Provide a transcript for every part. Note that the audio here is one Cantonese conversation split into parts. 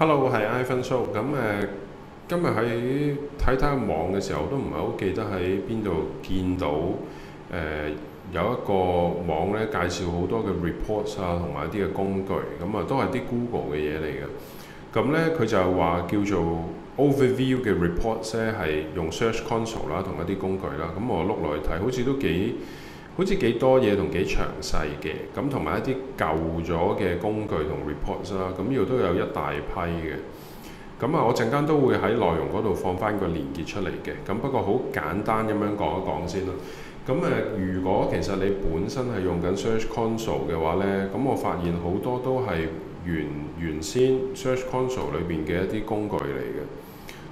Hello，我係 Ivan So。咁誒，今日喺睇睇網嘅時候，都唔係好記得喺邊度見到誒、呃、有一個網咧介紹好多嘅 report 啊，同埋一啲嘅工具。咁、嗯嗯、啊，都係啲 Google 嘅嘢嚟嘅。咁咧，佢就話叫做 overview 嘅 reports 咧，係用 Search Console 啦，同一啲工具啦、啊。咁、嗯、我碌落去睇，好似都幾～好似幾多嘢同幾詳細嘅咁，同埋一啲舊咗嘅工具同 reports 啦，咁亦都有一大批嘅。咁啊，我陣間都會喺內容嗰度放翻個連結出嚟嘅。咁不過好簡單咁樣講一講先啦。咁誒，如果其實你本身係用緊 Search Console 嘅話呢，咁我發現好多都係原原先 Search Console 裏邊嘅一啲工具嚟嘅。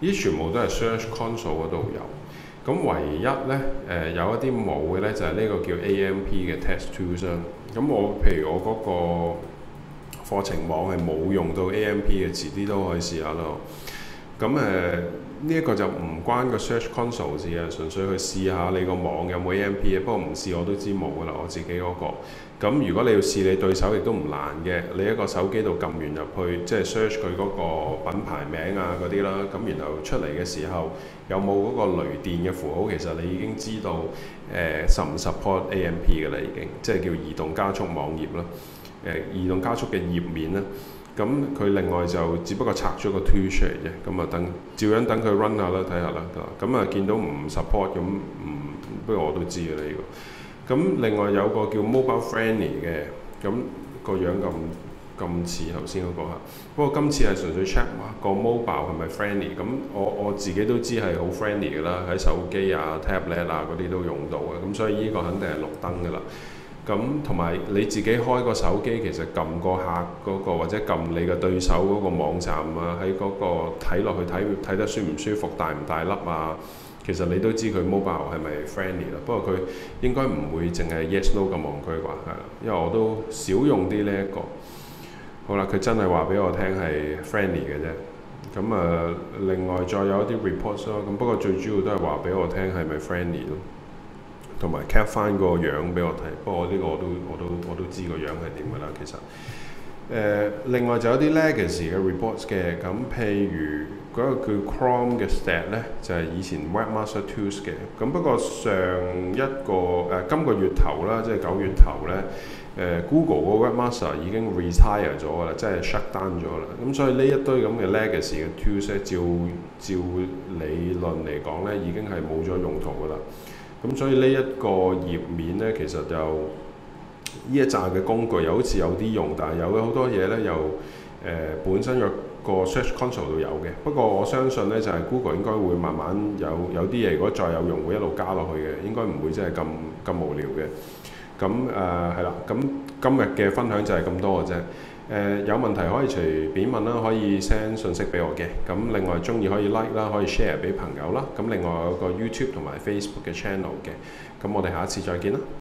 呢啲全部都係 Search Console 嗰度有，咁唯一呢，誒、呃、有一啲冇嘅呢，就係、是、呢個叫 AMP 嘅 test tool 啦。咁我譬如我嗰個課程網係冇用到 AMP 嘅，遲啲都可以試下咯。咁誒呢一個就唔關個 Search Console 事啊，純粹去試下你個網有冇 AMP 啊。不過唔試我都知冇噶啦，我自己嗰個。咁如果你要試你對手，亦都唔難嘅。你一個手機度撳完入去，即係 search 佢嗰個品牌名啊嗰啲啦。咁然後出嚟嘅時候有冇嗰個雷電嘅符號？其實你已經知道誒 support AMP 嘅啦，已經即係叫移動加速網頁啦。誒、呃、移動加速嘅頁面啦。咁佢另外就只不過拆咗個 two 出嚟啫，咁啊等照樣等佢 run 下啦，睇下啦，咁啊見到唔 support 咁唔不過我都知㗎呢、呢個。咁另外有個叫 mobile friendly 嘅，咁、個樣咁咁似頭先嗰個吓。不過今次係純粹 check、啊、個 mobile 係咪 friendly。咁我我自己都知係好 friendly 㗎啦，喺手機啊、tablet 啊嗰啲都用到嘅。咁所以呢個肯定係綠燈㗎啦。咁同埋你自己開個手機，其實撳個客嗰個或者撳你嘅對手嗰個網站啊，喺嗰個睇落去睇睇得舒唔舒服，大唔大粒啊？其實你都知佢 Mobile 係咪 Friendly 咯。不過佢應該唔會淨係 Yes No 咁望佢啩，係啦。因為我都少用啲呢一個。好啦，佢真係話俾我聽係 Friendly 嘅啫。咁啊、呃，另外再有一啲 Reports 咯。咁不過最主要都係話俾我聽係咪 Friendly 咯。同埋 cap 翻個樣俾我睇，不過呢個我都我都我都知個樣係點㗎啦。其實誒，另外就有啲、uh, legacy 嘅 reports 嘅咁，譬如嗰個叫 Chrome 嘅 stat 咧，就係以前 Webmaster Tools 嘅咁。不過上一個誒今個月頭啦，即係九月頭咧，Google 個 Webmaster 已經 retire 咗啦，即係 shutdown 咗、so, 啦。咁所以呢一堆咁嘅 legacy 嘅 tools 咧，照照理論嚟講咧，已經係冇咗用途㗎啦。咁所以呢一個頁面呢，其實就呢一紮嘅工具又好似有啲用，但係有好多嘢呢，又誒、呃、本身個 Search Console 度有嘅。不過我相信呢，就係、是、Google 應該會慢慢有有啲嘢，如果再有用會一路加落去嘅，應該唔會真係咁咁無聊嘅。咁誒係啦，咁、嗯嗯、今日嘅分享就係咁多嘅啫。誒、呃、有問題可以隨便問啦，可以 send 信息俾我嘅。咁另外鍾意可以 like 啦，可以 share 俾朋友啦。咁另外有個 YouTube 同埋 Facebook 嘅 channel 嘅。咁我哋下一次再見啦。